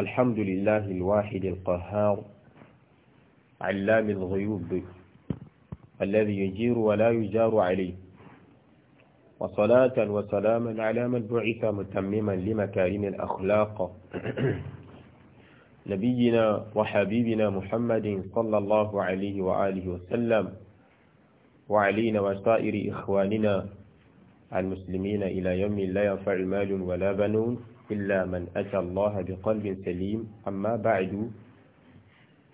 الحمد لله الواحد القهار علام الغيوب الذي يجير ولا يجار عليه وصلاة وسلاما على من بعث متمما لمكارم الأخلاق نبينا وحبيبنا محمد صلى الله عليه وآله وسلم وعلينا وسائر إخواننا المسلمين إلى يوم لا ينفع مال ولا بنون إلا من أتى الله بقلب سليم أما بعد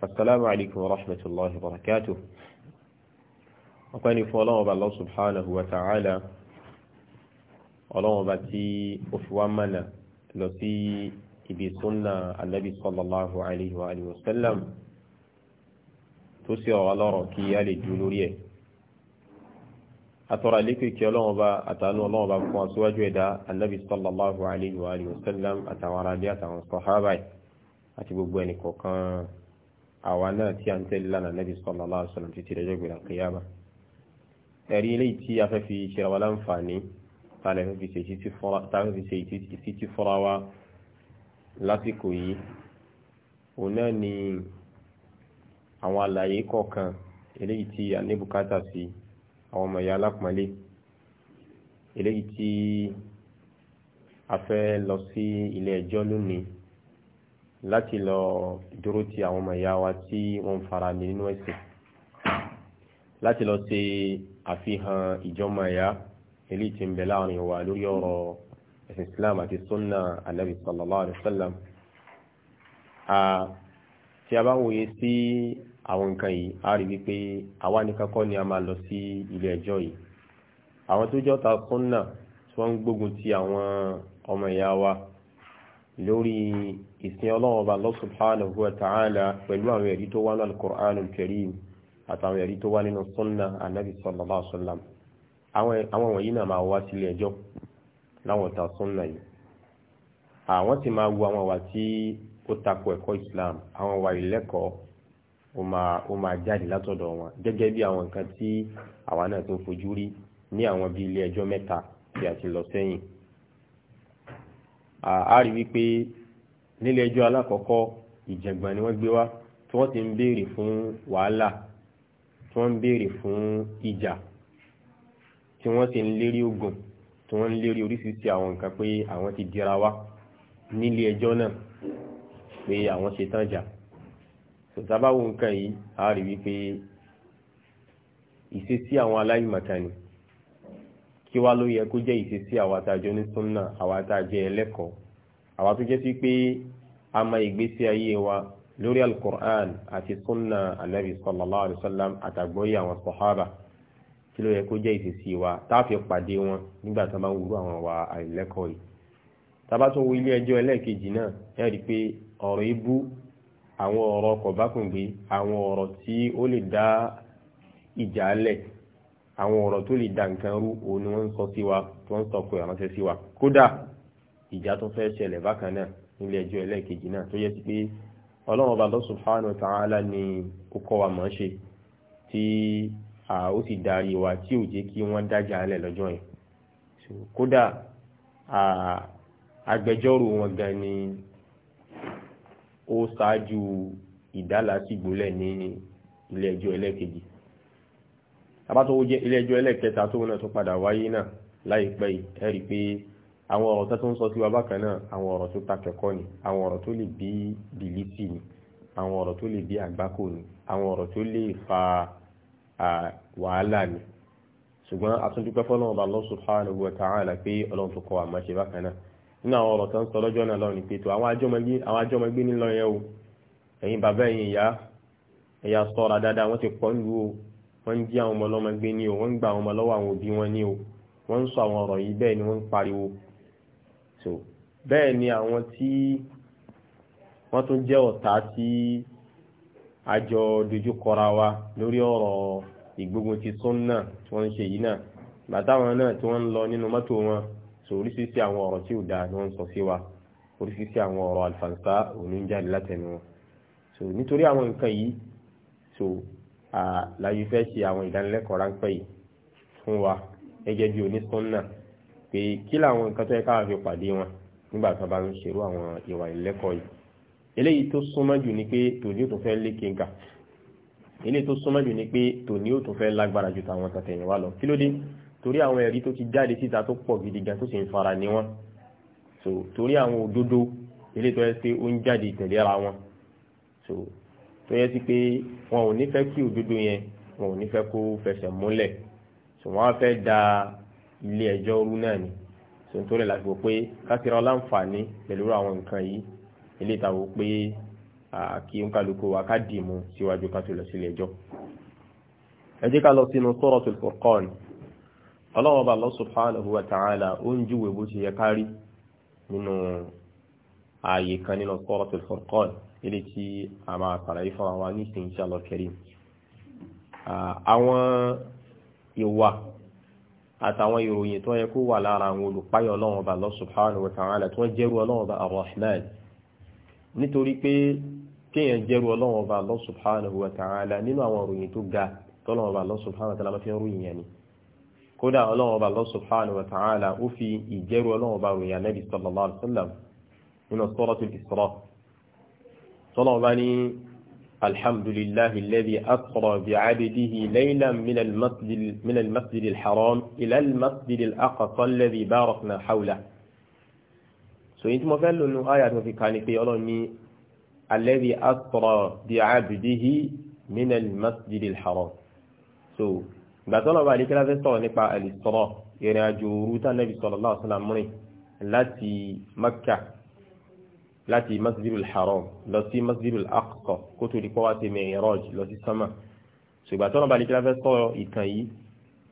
فالسلام عليكم ورحمة الله وبركاته أقول فالله الله سبحانه وتعالى ọlọ́run bá tí ó fi wá mọ̀nà lọ sí ibi sunna anabi sallallahu alayhi wa sallam tó sì ọ̀rọ̀ lọ́rọ̀ kí a lè dúró lórí ẹ̀ atọ́ra lékè kí ọlọ́run ọba àtàánú ọlọ́run ọba fún aṣíwájú ẹ̀dá anabi sallallahu alayhi wa alihi wa sallam àtàwọn aráàlú àtàwọn sọ̀hábà àti gbogbo ẹnì kọ̀ọ̀kan àwa náà tí a ń tẹ̀lé lánàá anabi sallallahu alayhi wa sallam títí lọ́jọ́ gbèrà kíyàmá. ẹ̀rí ilé tí a fẹ́ fi ṣe wa láǹfààní tá a fẹ́ fi ṣe ìtítí fọ́ra wa lásìkò yìí òun náà ni àwọn àlàyé kọ̀ọ̀kan eléyìí tí a ní bùkátà sí àwọn ọmọ ìyá alápọ̀nlé eléyìí tí a fẹ́ lọ sí ilé ẹjọ́ lónìí láti lọ dúró ti àwọn ọmọ ìyá wa tí wọ́n fara ní nínú ẹ̀sìn láti lọ ṣe àfihàn ìjọmọ ìyá eléyìí tí ń bẹ láàrin wa lórí ọ̀rọ̀ ẹ̀sìn Islam àti sunna anabi sallallahu alayhi wa sallam tí a bá wòye sí. Si, àwọn nǹkan yìí a rí wípé àwa nìkan kọ́ ni a máa lọ sí ilé ẹjọ́ yìí àwọn tó jọ́ta súnà tí wọ́n ń gbógun ti àwọn ọmọ ìyá wa lórí ìsìn ọlọ́run ọba Allah subhanahu wa ta'ala pẹ̀lú àwọn ẹ̀rí tó wá nínú al-Qur'an al-Karim àtàwọn ẹ̀rí tó wá nínú súnà anabi sallallahu alaihi wasallam àwọn wọ̀nyí náà máa wá sílé ẹjọ́ láwọn ta súnà yìí àwọn sì máa wo àwọn wà tí ó takò ẹ̀kọ́ Islam àwọn wà ìlẹ́kọ̀ọ́ ó máa ó máa jáde látọ̀dọ̀ wọn gẹ́gẹ́ bí àwọn nǹkan tí àwa náà tó fojú rí ní àwọn bíi ilé ẹjọ́ mẹ́ta tí a ti lọ sẹ́yìn a rí wípé nílé ẹjọ́ alákọ̀ọ́kọ́ ìjẹ̀gbọ̀n ni wọ́n gbé wá tí wọ́n ti ń béèrè fún wàhálà tí wọ́n ń béèrè fún ìjà tí wọ́n ti ń lérí ogun tí wọ́n ń lérí oríṣiríṣi àwọn nǹkan pé àwọn ti dira wá nílé ẹjọ́ náà pé àwọn ṣe tán jà sọ̀tàbáwo nǹkan yìí a rí wípé ìṣesí àwọn aláìmọ̀kánì kí wá ló yẹ kó jẹ́ ìṣesí àwa tá a jọ ní súnà àwa tá ẹlẹ́kọ̀ọ́ àwa tó jẹ́ sí pé a máa ìgbésí ayé wa lórí alukur'an àti súnà anabi sallallahu alayhi sallam àtàgbọ́yé àwọn sọ̀hábà kí ló yẹ kó jẹ́ ìṣesí wa tá a fi pàdé wọn nígbà tá bá ń wúrú àwọn wa àìlẹ́kọ̀ọ́ yìí tá a bá tún wo ilé ẹjọ́ ẹlẹ́ẹ̀kejì náà ẹ pé ọ̀rọ̀ ibú àwọn ọ̀rọ̀ kọ̀bákùngbé àwọn ọ̀rọ̀ tí ó lè dá ìjà lẹ̀ àwọn ọ̀rọ̀ tó lè dá nǹkan rú òun ni wọ́n ń sọ sí wa tí wọ́n ń sọ pé ránṣẹ́ sí wa kódà ìjà tó fẹ́ ṣẹlẹ̀ bákan náà nílé ẹjọ́ ẹlẹ́ẹ̀kejì náà tó yẹ sí pé ọlọ́run ọba subhanahu wa ta'ala ni ó kọ́ wa mọ̀ ṣe tí ó sì darí wa tí ò jẹ́ kí wọ́n dájà lẹ̀ lọ́jọ́ yẹn kódà agbẹjọ́rò wọn gan ni ó ṣáájú ìdálásìgbólẹ̀ ní ilé ẹjọ́ ẹlẹ́kejì abátówó jẹ́ ilé ẹjọ́ ẹlẹ́kẹta tó náà tó padà wáyé náà láìpẹ́ yìí ẹ rí i pé àwọn ọ̀rọ̀ tó ń sọ sí wa bákan náà àwọn ọ̀rọ̀ tó takẹ̀kọ́ ni àwọn ọ̀rọ̀ tó lè bí bìlítì ni àwọn ọ̀rọ̀ tó lè bí àgbákò ni àwọn ọ̀rọ̀ tó lè fa wàhálà ni ṣùgbọ́n a tún dúpẹ́ fọ́lọ́run Allah subhanahu wa ta'ala pé ọlọ́run tó kọ́ wa ṣe bákan náà nínú àwọn ọ̀rọ̀ tó ń sọ lọ́jọ́ náà lọ́rùn ìpètò àwọn ajọ́mọgbé nílọ yẹn o ẹ̀yin bàbá ẹ̀yin ìyá ẹ̀yà sọ́ra dáadáa wọ́n ti pọ̀ ń lu o wọ́n ń jí àwọn ọmọ ní o wọ́n ń gba àwọn ọmọ àwọn òbí wọn ní o wọ́n ń sọ àwọn ọ̀rọ̀ yìí bẹ́ẹ̀ ni wọ́n ń pariwo so bẹ́ẹ̀ ni àwọn tí wọ́n tún jẹ́ ọ̀tá tí a dojú kọra wa lórí ọ̀rọ̀ ìgbógun ti sún náà tí wọ́n ń ṣe yìí náà bàtà wọn náà tí wọ́n ń lọ nínú mọ́tò wọn so oríṣiríṣi àwọn ọ̀rọ̀ tí ò dáa ni wọ́n ń sọ sí wa oríṣiríṣi àwọn ọ̀rọ̀ àlùfàǹsá òní ń jáde látẹnu wọn so nítorí àwọn nǹkan yìí so láyé fẹ́ ṣe àwọn ìdánilẹ́kọ̀ọ́ ráńpẹ́ yìí fún wa gẹ́gẹ́ bí onísọ́nà pé kí làwọn nǹkan tó yẹ káwọn fi pàdé wọn nígbà tó bá ń ṣerú àwọn ìwà ìlẹ́kọ̀ọ́ yìí eléyìí tó súnmọ́ jù ni pé tòní ò tún fẹ́ lé kéńkà eléyìí tó súnmọ́ jù ni pé tòní ò tún fẹ́ lágbára ju tàwọn tàtẹ̀yìn wa lọ kí ló dé torí àwọn ẹ̀rí tó ti jáde síta tó pọ̀ gidi gan tó sì ń fara ní wọn so torí àwọn òdodo ilé tó yẹ pé ó ń jáde ìtẹ̀léra wọn so tó yẹ sí pé wọn ò ní fẹ́ kí òdodo yẹn wọn ò ní kó fẹsẹ̀ múlẹ̀ so wọn á fẹ́ da ilé ẹjọ́ rú náà ni so nítorí láti wò pé kásìrọ̀ láǹfààní pẹ̀lú àwọn nǹkan yìí ilé ìtàwó pé kí n kálukú wa ká dì síwájú ká tó lọ sílé ẹjọ́ ẹ jẹ́ ká lọ sínú Suratul Furqan ọlọ́run ọba Allah subhanahu wa ta'ala ó ń júwèé bó ṣe yẹ kárí nínú ààyè kan nínú Suratul Furqan ilé tí a máa sàlàyé fún àwọn nísìn insha Allah karim àwọn ìwà àtàwọn ìròyìn tó yẹ kó wà lára àwọn olùpáyọ̀ ọlọ́run ọba Allah subhanahu wa ta'ala tó ń jẹ́rú ọlọ́run ọba ar nítorí pé kéèyàn jẹ́rú ọlọ́run ọba Allah subhanahu wa nínú àwọn ìròyìn tó ga tọ́lọ́run ọba Allah subhanahu wa ta'ala ń ròyìn yẹn ni kódà ọlọ́run ọba Allah subhanahu wa ó fi ìjẹ́rú ọlọ́wọ́ anábì nínú bá ní alhamdulillahi alladhi asra haram tí mo fẹ́ ní pé ní haram so gbàtọ́lọ̀ bá àdékẹ́lá fẹ́ sọ̀rọ̀ nípa àlìsọ̀rọ̀ ìrìn àjò òru tánàbí sallallahu alaihi wasallam mìíràn láti Makka láti masjidul haram lọ sí masjidul aqsa kó tó di pọ́wá sí mi'raj lọ sí sama ṣùgbọ́n tọ́lọ́ bá àdékẹ́lá fẹ́ sọ̀rọ̀ ìtàn yìí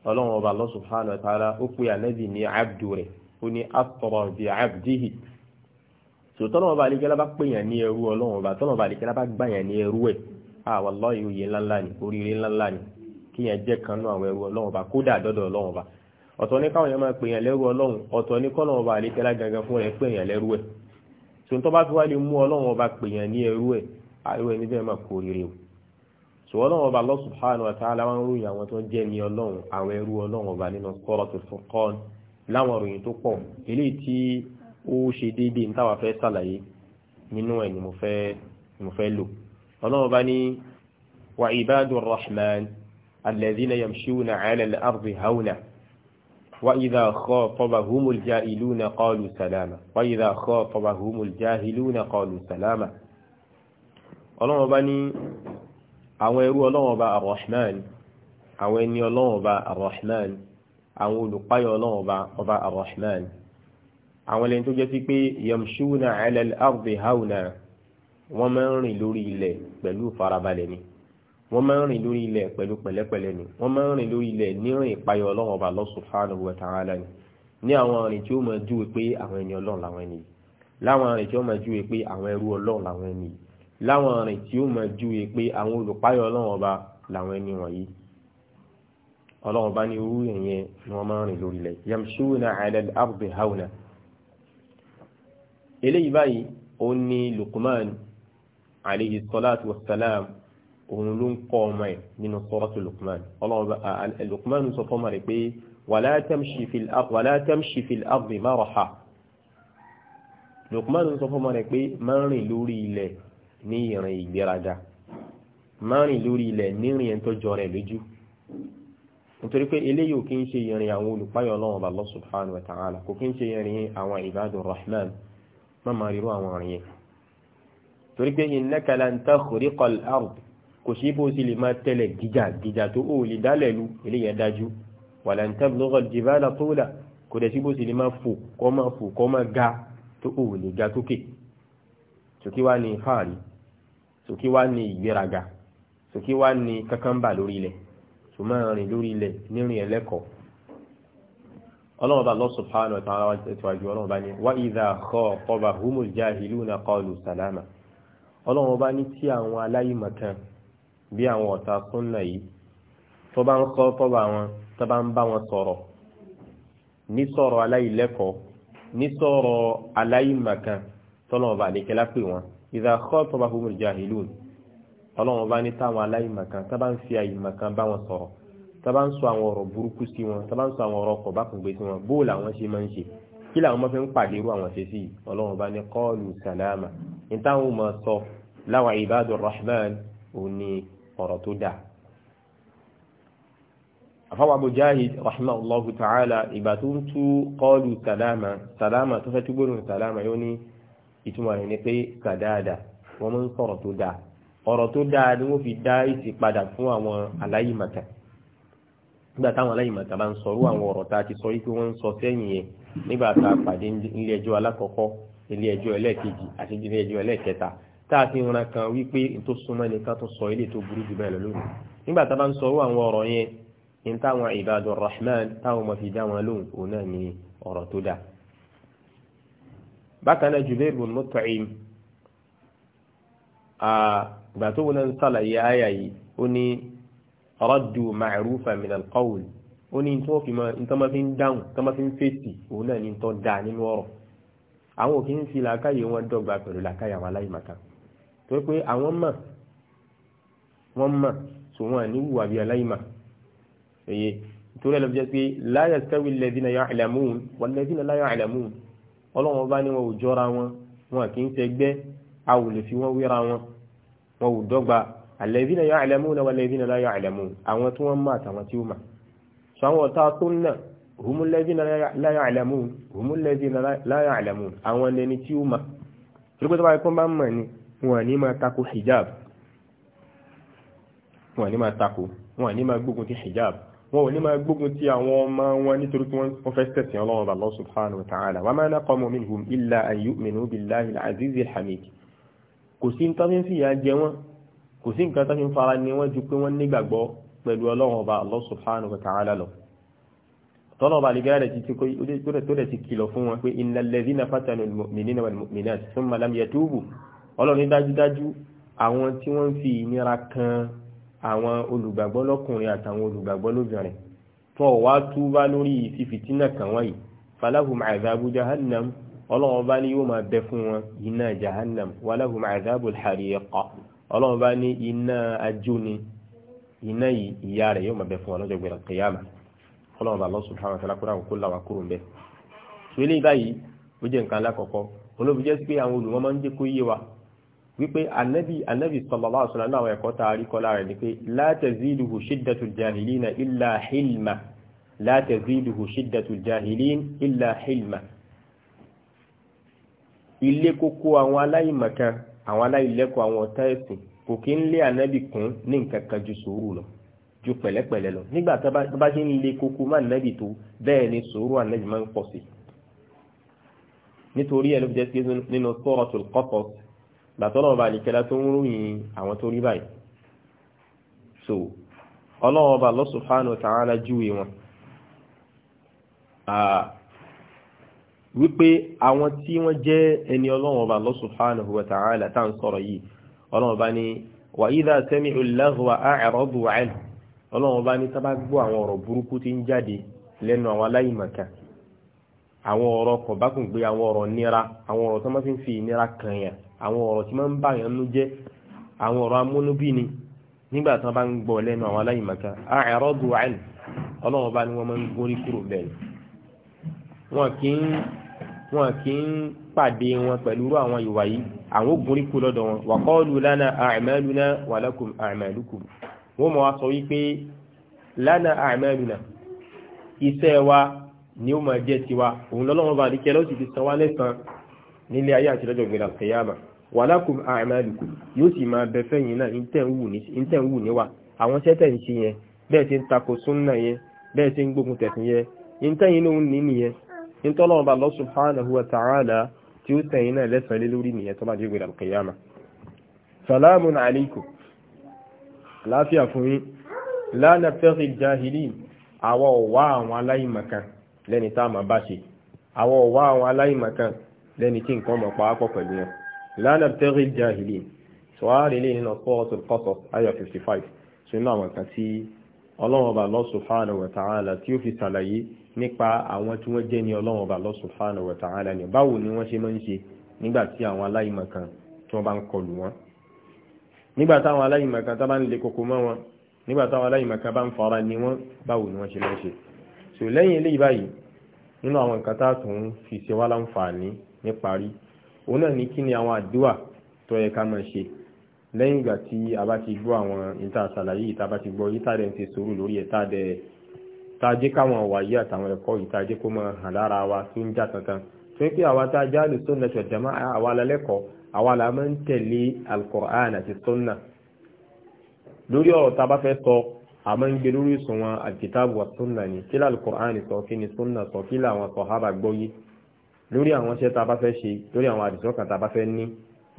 ọlọ́run ọba Allah subhanahu wa ta'ala ó pe ànábì ní abdu rẹ̀ ó ní asra bi abdihi so tọ́lọ́ ọba àdékẹ́lá bá pè yàn ní ẹrú ọlọ́run ọba tọ́lọ́ kí yẹn jẹ́ kan nú àwọn ẹrú ọlọ́run ọba kódà dọ́dọ̀ ọlọ́run ọba ọ̀tọ̀ ní káwọn yẹn máa pè yẹn lẹ́rú ọlọ́run ọ̀tọ̀ ní kọ́lọ́run ọba àlékẹ́lá gangan fún rẹ̀ pè yẹn lẹ́rú ẹ̀ tó ń tọ́ bá fi wá lè mú ọlọ́run ọba pè ní ẹrú ẹ̀ máa kó rere o tó ọlọ́run ọba الذين يمشون على الأرض هونا وإذا خاطبهم الجاهلون قالوا سلاما وإذا خاطبهم الجاهلون قالوا سلاما ọlọ́wọ́n bá ní àwọn ẹrú ọlọ́wọ́n bá arrahman àwọn ẹni ọlọ́wọ́n bá arrahman àwọn olùpáyọ ọlọ́wọ́n bá ọba arrahman àwọn ẹni tó jẹ́ sí pé yamshuna ala al-ardi hauna wọ́n máa ń rìn lórí ilẹ̀ pẹ̀lú farabalẹ̀ ni wọ́n máa ń rìn lórí ilẹ̀ pẹ̀lú pẹ̀lẹ́pẹ̀lẹ́ ni wọ́n máa ń rìn lórí ilẹ̀ nírìn ìpayọ̀ ọlọ́run ọba Allah subhanahu wa ta'ala ni ní àwọn àrìn tí ó máa júwe pé àwọn ẹni ọlọ́run làwọn ẹni yìí láwọn àrìn tí ó máa júwe pé àwọn ẹrú ọlọ́run làwọn ẹni yìí láwọn àrìn tí ó máa júwe pé àwọn olùpayọ̀ ọlọ́run ọba làwọn ẹni wọ̀nyí ọlọ́run ọba ní irú ẹ̀yẹn ni wọ́n máa ń rìn lórí ilẹ̀ òun ló ń kọ́ ọmọ ẹ̀ nínú suratu Luqman ọlọ́run Luqman sọ fọ́mọ rẹ̀ pé wala tamshi fil ardi maraha Luqman sọ fọ́mọ rẹ̀ pé máa ń rìn lórí ilẹ̀ ní ìrìn ìgbéraga máa ń rìn lórí ilẹ̀ ní ìrìn ẹ̀ tó jọ rẹ̀ lójú nítorí pé eléyìí ò kí ń ṣe ìrìn àwọn olùpáyọ̀ ọlọ́run ọba Allah subhanahu wa ta'ala kò kí ń ṣe ìrìn àwọn ibadur rahman má máa ríru àwọn ìrìn torí pé innaka lan takhriqal kò sí bó sì lè máa tẹ́lẹ̀ gíjà gíjà tó ó lè dálẹ̀ lu eléyẹn dájú wàlá ní tábìlọ́gọ̀ jìbáàlà tóòlà kò dẹ̀ sí bó sì lè máa fò kọ́ máa fò kọ́ máa ga tó ó lè ga tókè sòkè wá ní fáàrí sòkè wá ní ìgbéraga sòkè wá ní kákánbà lórí ilẹ̀ sòmọ́ rìn lórí ilẹ̀ nírìn ẹlẹ́kọ̀ọ́ ọlọ́run bá lọ subhanahu wa ta'ala wá idha khatabahumul jahiluna ọlọ́run bá ní bí àwọn ọ̀tá súnà yìí tó bá ń kọ́ tọ́ba wọn tó bá ń bá wọn sọ̀rọ̀ ní sọ̀rọ̀ aláìlẹ́kọ̀ọ́ ní sọ̀rọ̀ aláìmàkan tọ́lọ́wọ́n bá àdékẹ́lá pè wọn ìdá kọ́ tọ́ba humul jahilun tọ́lọ́wọ́n bá ní táwọn aláìmàkan tó bá ń fi àìmàkan bá wọn sọ̀rọ̀ tó bá ń sọ àwọn ọ̀rọ̀ burúkú sí wọn tó bá ń sọ àwọn ọ̀rọ̀ kọ̀ bá kùn gbé sí wọn bó làwọn ṣe máa ń ṣe kí làwọn máa fi ń pàdé irú àwọn ṣe sí ọlọ́run bá ní kọ́ọ̀lù sàlámà ní táwọn máa sọ láwọn ibadur rahman òní ọ̀rọ̀ tó dáa àfáwà Mujahid rahimahullahu ta'ala ìgbà tó ń tú kọlu sàlámà sàlámà tó fẹ́ tú gbóòrùn sàlámà yóò ní ìtumọ̀ rẹ̀ ni pé kàdáàdà wọ́n mú sọ̀rọ̀ tó dáa ọ̀rọ̀ tó dáa ni wọ́n fi dá ìsì padà fún àwọn aláìmọ̀tà nígbà táwọn aláìmọ̀tà bá ń sọ̀rọ̀ àwọn ọ̀rọ̀ tá a ti sọ yìí pé wọ́n ń sọ sẹ́yìn yẹn nígbà tá a pàdé ilé ẹjọ́ alákọ̀ọ́kọ́ ilé ẹjọ́ ẹlẹ́ẹ̀kejì àti ilé ẹjọ́ ẹlẹ́ẹ̀kẹta tá a fi ran kan wípé n tó súnmọ́ ní ká tó sọ ilé tó burú jù bẹ́ẹ̀ lọ lónìí nígbà tá a bá ń sọ àwọn ọ̀rọ̀ yẹn ní táwọn ibadur rahman táwọn ọmọ fi dá wọn lóhùn òun náà ní ọ̀rọ̀ tó dáa. bákan náà Jubair bin Mut'im ìgbà tó wọn ń sàlàyé àyà yìí ó ní raddu ma'rufan min al ó ní tó dáhùn tọ́mọ́ fèsì òun náà ní tó tó pé àwọn mọ̀ wọ́n mọ̀ tó wọn ní wùwà bíi aláìmọ̀ èyí nítorí ẹlẹ́bi jẹ́ pé la yastawi alladhina ya'lamun walladhina la ya'lamun ọlọ́wọ́n bá ní wọn ò jọra wọn wọn kì í ṣẹgbẹ́ a ò lè fi wọn wéra wọn wọn ò dọ́gba alladhina ya'lamuna walladhina la ya'lamun àwọn tí wọ́n mọ̀ àtàwọn tí ó mọ̀ sọ àwọn ọ̀tá tó ń nà هم الذين لا يعلمون هم الذين لا يعلمون àwọn ẹni tí ó mọ̀ wọn ní máa tako hijab wọn ní máa tako wọn ní máa gbógun ti hijab wọn ò ní máa gbógun ti àwọn ọmọ wọn nítorí tí wọ́n fẹ́ tẹ̀sìn ọlọ́run Allah subhanahu wa ta'ala wa ma naqamu minhum illa an yu'minu billahi al-azizi al-hamid kò sí nǹkan tí ń fìyà jẹ wọn kò sí nǹkan tí ń fara ni wọ́n ju pé wọ́n nígbàgbọ́ pẹ̀lú ọlọ́run ọba Allah subhanahu wa ta'ala lọ tọ́lọ̀ ọba àlìgá rẹ̀ ti tó rẹ̀ ti kìlọ̀ fún wọn pé innal ladhina fatanu al-mu'minina ọlọ́run dájúdájú àwọn tí wọ́n ń fi ìnira kan àwọn olùgbàgbọ́ lọ́kùnrin àtàwọn olùgbàgbọ́ lóbìnrin tó wá túbá lórí ìfìfìtínà kan wáyìí falahum azabu jahannam ọlọ́run bá ní yóò máa bẹ fún wọn iná jahannam walahum azabu al-hariqa ọlọ́run bá ní iná ajóni iná yìí ìyá rẹ̀ yóò máa bẹ fún wọn lọ́jọ́ gbẹ̀rẹ̀ kìyàmà ọlọ́run bá Allah subhanahu wa ta'ala kúrò àwọn kó làwọn kúrò ń bẹ. sùwélé báyìí ó jẹ́ nǹkan alákọ̀ọ́kọ́ olóbi jẹ́ sí pé àwọn olùmọ́ máa ń jẹ́ kó yé wa wípé anabi anabi sallallahu alaihi wasallam àwọn ẹ̀kọ́ tá a rí kọ́lá rẹ̀ ni pé la taziduhu shiddatul jahilina illa hilma la taziduhu shiddatul jahilin illa hilma ilé kókó àwọn aláìmọ̀kan àwọn aláìlẹ́kọ̀ọ́ àwọn ọ̀tá ẹ̀sìn kò kí ń lé ànábì kún ní nǹkan kan ju sùúrù lọ ju pẹ̀lẹ́pẹ̀lẹ́ lọ nígbà tó bá ṣe ń lé kókó má ànábì tó bẹ́ẹ̀ ni sùúrù ànábì máa ń pọ̀ sí. nítorí ẹ̀ ló Suratul Qasas gbàtọ́lọ́wọ́ bá nìkẹ́lá tó ń ròyìn àwọn tó rí báyìí so ọlọ́wọ́ bá Allah subhanahu wa ta'ala júwe wọn wípé àwọn tí wọ́n jẹ́ ẹni ọlọ́wọ́ bá Allah subhanahu wa ta'ala tá à ń sọ̀rọ̀ yìí ọlọ́wọ́ bá ní wa idha sami'u al-laghwa a'radu anhu ọlọ́wọ́ bá ní sábà gbọ́ àwọn àwọn ọ̀rọ̀ tí máa ń báyàn nú jẹ́ àwọn ọ̀rọ̀ amúnúbí ni nígbà tí wọ́n bá ń gbọ́ lẹ́nu àwọn aláìmọ̀ká àìrọ́dù àìní ọlọ́run bá ní wọ́n máa ń gorí kúrò bẹ́ẹ̀ wọn kì í pàdé wọn pẹ̀lú àwọn ìwà yìí àwọn ògùn rí kú lọ́dọ̀ wọn wà kọ́ọ̀lù lánà wà wọ́n mọ̀ wá sọ wípé lánà iṣẹ́ wa ni ó máa jẹ́ tiwa òun lọ́lọ́run san nílé ayé wàlákùn àmàlùkù yóò sì máa bẹ fẹ́yìn náà ìtẹ̀wù níwà àwọn sẹ́tẹ̀ ń ṣe yẹn bẹ́ẹ̀ ti ń takò súnnà yẹn bẹ́ẹ̀ ti ń gbógun tẹ̀sìn yẹn ìtẹ̀yìn náà ní nìyẹn ìtọ́lọ́run bá lọ subhanahu wa ta'ala tí ó tẹ̀yìn náà lẹ́sàn lé lórí nìyẹn tó bá dé gbèrè alkiyama salamun alaikum láfíà fún yín lánà fẹ́rẹ̀ la nabtaghi al-jahilin so a rí lẹ́yìn náà suratul Qasas ayà 55 so inú àwọn kan tí ọlọ́run ọba Allah subhanahu wa ta'ala tí ó fi ṣàlàyé nípa àwọn tí wọ́n jẹ́ ní ọlọ́run ọba Allah subhanahu wa ta'ala ni báwo ni wọ́n ṣe máa ń ṣe nígbà tí àwọn aláìmọ̀ kan tí wọ́n bá ń kọlù wọn nígbà táwọn aláìmọ̀ kan tá bá ń le koko mọ́ wọn nígbà táwọn aláìmọ̀ kan bá ń fara ni wọ́n báwo ni wọ́n ṣe máa ń ṣe so lẹ́yìn eléyìí báyìí nínú àwọn nǹkan tá a tún fi ṣe wá láǹfààní níparí òun náà ní kí ni àwọn àdúà tó yẹ ká máa ṣe lẹ́yìn ìgbà tí a bá ti gbọ́ àwọn ìta àṣàlàyé ìta bá ti gbọ́ yìí tàdé ń ti sùúrù lórí ẹ̀ tàdé tàjẹ́ káwọn wàyí àtàwọn ẹ̀kọ́ yìí tàjẹ́ kó máa hàn lára wa tó ń jà kankan tó ń pè àwa tá a já lè sọ́nà tó jama àwa lálẹ́kọ̀ọ́ àwa là máa ń tẹ̀lé alkọ̀án àti sọ́nà lórí ọ̀rọ̀ tá a bá fẹ́ sọ àmọ́ ń gbé lórí ìsùnwọ̀n àkìtàbù àtúnnà ni kí lálùkọ̀án sọ kí ni sọ́nà sọ kí làwọn sọ̀hábà lórí àwọn iṣẹ́ tá a bá fẹ́ ṣe lórí àwọn àdìsọ́kàn tá a bá fẹ́ ní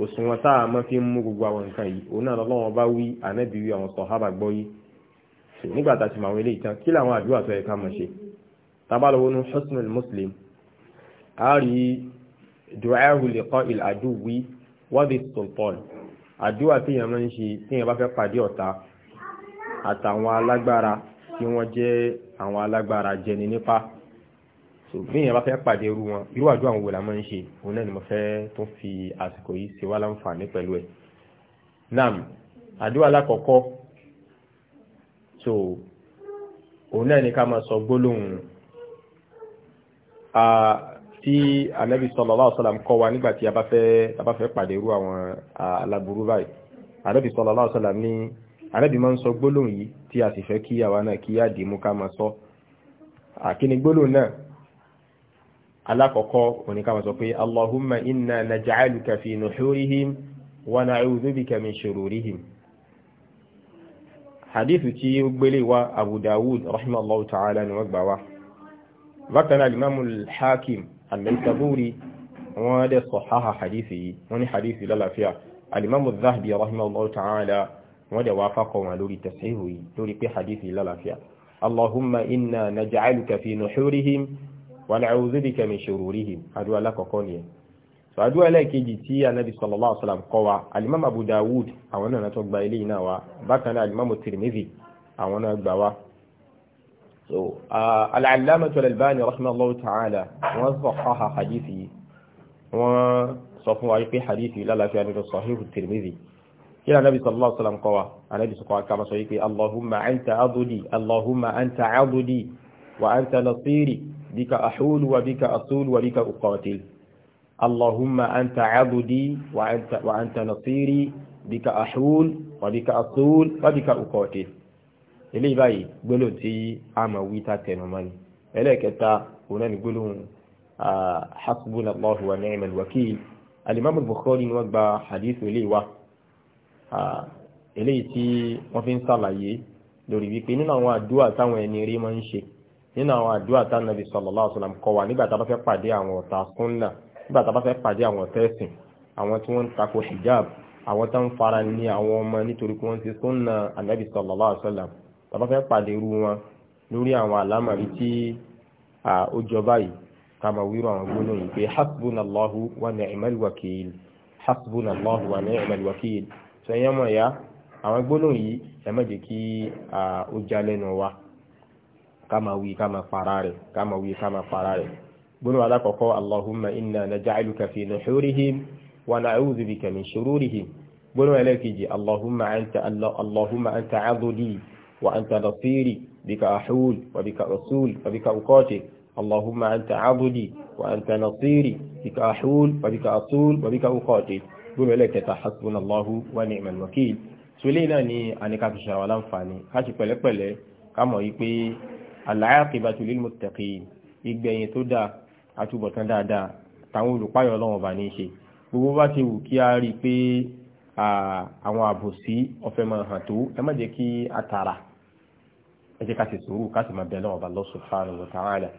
òṣùwọ̀n tá a máa fi ń mú gbogbo àwọn nǹkan yìí òun náà lọ́wọ́ bá wí ànábì wí àwọn sọ̀hábà gbọ́ yìí nígbà tá a ti mọ àwọn eléyìí tán kí làwọn àdúrà tó yẹ ká máa ṣe tábàlówó nu husnul muslim a rí du'ahu liqa'il aduwi wadi sultan àdúrà téèyàn máa ń ṣe téèyàn bá fẹ́ pàdé ọ̀tá àtàwọn alágbára tí wọ́n jẹ́ àwọn alágbára jẹni nípa so bí èèyàn bá fẹ́ pàdé irú wọn irú àdúrà àwọn wo la máa ń ṣe òun náà ni mo fẹ́ tó fi àsìkò yìí ṣe wá láǹfààní pẹ̀lú ẹ̀ nam àdúrà alákọ̀ọ́kọ́ so òun náà ni ká máa sọ gbólóhùn tí anabi sallallahu alaihi wasallam kọ́ wa nígbà tí a bá fẹ́ a bá fẹ́ pàdé irú àwọn aláburú báyìí anabi sallallahu alaihi wasallam ní anabi máa ń sọ gbólóhùn yìí tí a sì fẹ́ kí àwa náà kí á dìímú ká máa sọ àkíní gbólóhùn náà alákọ̀ọ́kọ́ òní ká máa sọ pé allahumma inna naj'aluka fi nuhurihim wa na'udhu bika min shururihim hadithu tí ó gbélé wa abu dawud rahimallahu ta'ala ni wọ́n gbà wá bákan náà limamu al-hakim al-naisaburi wọ́n dẹ̀ sọ̀háhà hadithi yìí wọ́n ní hadithi lálàáfíà alimamu zahabi rahimallahu ta'ala wọ́n dẹ̀ wá fákọ̀ wọn lórí tẹ̀síhù yìí lórí pé hadithi allahumma inna naj'aluka fi nuhurihim wa na'udhu bika min shururihim àdúrà alákọ̀ọ́kọ́ so àdúrà ẹlẹ́ẹ̀kejì tí anabi sallallahu alaihi wasallam kọ́ wa alimam abu dawud àwọn náà tó gba eléyìí náà wa bákan náà alimam tirmidhi àwọn náà gbà wa so al-allamatu al-albani rahimahullahu ta'ala wọ́n sahhaha hadithi wọ́n sọ fún wa pé hadithi lálàáfíà nínú sahihu tirmidhi kí ni anabi sallallahu alaihi wasallam kọ́ wa anabi sọkọ akama sọ yìí pé allahumma anta wa anta nasiri بك أحول وبك أصول وبك أقاتل اللهم أنت عبدي وأنت, وأنت نصيري بك أحول وبك أصول وبك أقاتل eléyìí báyìí gbólóhùn tí a mọ̀ wí ta tẹnumọ́ ni ẹlẹ́ẹ̀kẹta òun náà ni gbólóhùn hasbuna allahu wa ni'mal wakil alimami bukhari ni wọ́n gba hadith eléyìí wa eléyìí tí wọ́n fi ń sàlàyé lórí wípé nínú àwọn àdúrà táwọn ẹni rí máa ń ṣe nínú àwọn àdúrà tá nàbì sallallahu alaihi wasallam kọ́ wa nígbà tá a bá fẹ́ pàdé àwọn ọ̀tá súnnà nígbà tá a bá fẹ́ pàdé àwọn ọ̀tá ẹ̀sìn àwọn tí wọ́n ń tako hijab àwọn tó ń fara ní àwọn ọmọ nítorí pé wọ́n ti súnnà ànábì sallallahu alaihi wasallam tá a bá fẹ́ pàdé irú wọn lórí àwọn àlámàrí tí ó jọba yìí ká máa wíró àwọn gbólóyìn pé hasbunallahu wa ni'mal wakil hasbunallahu wa ni'mal wakil sọ ká máa wí ká máa para rẹ̀ ká máa wí ká máa para rẹ̀ gbóná alákọ̀ọ́kọ́ allahumma inna naj'aluka fi nuhurihim wa na'udhu bika min shururihim gbóná ẹlẹ́kejì allahumma anta allahumma anta aduli wa anta nasiri bika ahul wa bika rasul wa bika uqatil اللهم أنت عبدي وأنت نصيري بك أحول وبك أصول وبك أقاتل بملك حسبنا الله ونعم الوكيل سولينا ني أني كافي شاولا فاني كاشي بلك بلك كما يقول al-aqibatu lil-muttaqin ìgbẹ̀yìn tó dáa àtúbọ̀tán dáadáa táwọn olùpáyọ̀ ọlọ́run ọba ní ṣe gbogbo bá ti wù kí a rí i pé àwọn àbòsí ọ̀fẹ́ máa hàn tó ẹ má jẹ́ kí a tààrà ẹ jẹ́ ká sì sùúrù ká sì máa bẹ̀ lọ́wọ́ ọba Allah subhanahu wa ta'ala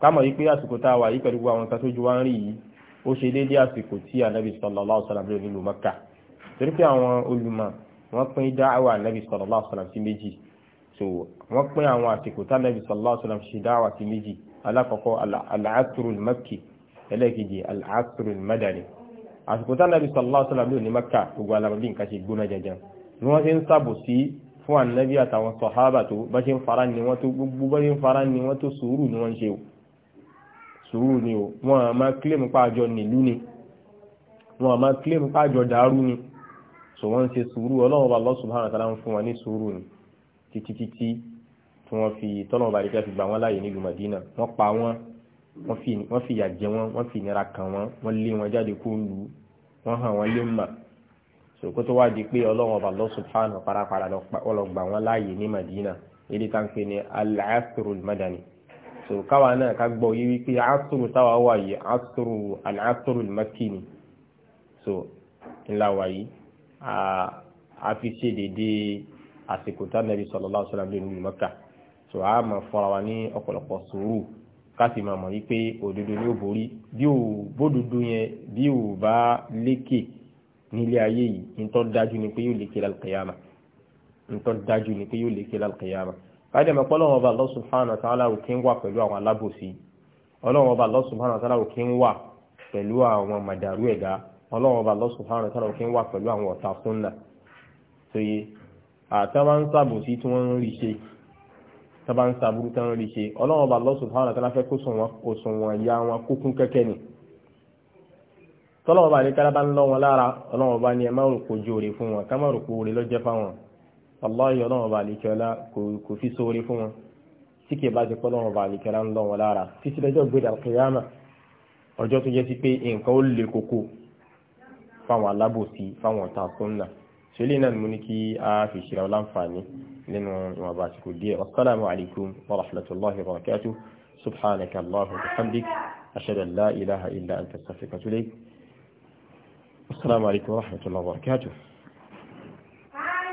ká mọ̀ yí pé àsìkò tá a wà yí pẹ̀lú gbogbo àwọn nǹkan tó ń rí yìí ó ṣe déédéé àsìkò tí anabi sallallahu alaihi wasallam nílùú Mẹ́kà torí pé àwọn olùmọ̀ wọ́n pín dáhàwá anabi sallallahu alaihi wasallam sí méjì so wọ́n pín àwọn àsìkò tánàbí sallallahu alaihi wasallam ṣe dáwà sí méjì alákọ̀ọ́kọ́ al-asrul makki ẹlẹ́ẹ̀kejì al-asrul madani àsìkò tánàbí sallallahu alaihi wasallam ló ní makka gbogbo alamọ̀bí nǹkan ṣe gbóná janjan ni wọ́n ṣe ń sábò sí fún ànábì àtàwọn sọ̀hábà tó bá ṣe ń fara ni wọ́n tó gbogbo bá ṣe ń fara ni wọ́n tó sùúrù ni wọ́n ṣe o sùúrù ni o wọ́n a máa kílèm pàjọ nílú ni wọ́n a máa kílèm pàjọ dàrú ni so wọ́n ṣe sùúrù ọlọ́run bá Allah subhanahu ń fún wa ní sùúrù ni títí títí tí wọ́n fi tọ́lọ́mù bá dẹ́kẹ́ fi gbà wọ́n láàyè nílùú Madina wọ́n pa wọ́n wọ́n fi ìyà jẹ wọ́n wọ́n fi ìnira kàn wọ́n wọ́n lé wọn jáde kó lu wọ́n hàn wọ́n lé mà sòkò tó wáá di pé ọlọ́wọ́n bá lọ́sùn fáànù parapara lọ gbà wọ́n láàyè ní Madina èdè tá n pè ní al-asru al-madani so káwa náà ká gbọ́ yí wípé asru táwa wà yìí asru al-asru al-makki ni so ńlá wà yìí a fi ṣe déédéé àsìkò tá nàbí sallallahu alaihi wasallam nínú Mẹ́kà tó a máa fọ́ra wa ní ọ̀pọ̀lọpọ̀ sùúrù káàsì máa mọ̀ wípé òdodo ni ó borí bí ò bódodo yẹn bí ò bá lékè nílé ayé yìí ntọ́ dájú ni pé yóò lékè lálùkìyàmà ntọ́ dájú ni pé yóò lékè lálùkìyàmà káàdì àmọ́ pọ́ lọ́wọ́ bá Allah subhanahu wa ta'ala òkè ń wà pẹ̀lú àwọn alábòsí ọlọ́wọ́ bá Allah subhanahu wa ta'ala òkè ń wà pẹ̀lú àwọn màdàrú ẹ̀dá ọlọ́wọ́ bá Allah subhanahu wa ta'ala òkè ń wà pẹ̀lú àwọn ọ̀tá fúnnà tó àtàbà ń sàbòsí tí wọ́n ń rí ṣe tàbà ń sàbúrú tán rí ṣe ọlọ́run bá Allah subhanahu wa ta'ala fẹ́ kó sùn wọn ya wọn kúkún kẹ́kẹ́ ni tọ́lọ́wọ́ bá ní kálábá ń lọ wọn lára ọlọ́run bá ní ẹ má rò kó jóore fún wọn ká má rò kó oore lọ́jẹ́ fáwọn wallahi ọlọ́run bá ní kẹ́lá kò fi sóore fún wọn tí kìí bá ti pọ́lọ́run bá ní kẹ́lá ń lọ wọn lára títí lọ́jọ́ gbéra ṣẹlẹ̀ náà ni mo ní kí a fi ṣe ọ láǹfààní nínú ìwọ̀nba àsìkò díẹ̀ assalamu alaikum wa rahmatullahi wa barakatuh subhanaka allahumma wa bihamdik ashhadu an ilaha illa anta astaghfiruka wa atubu alaikum wa rahmatullahi wa barakatuh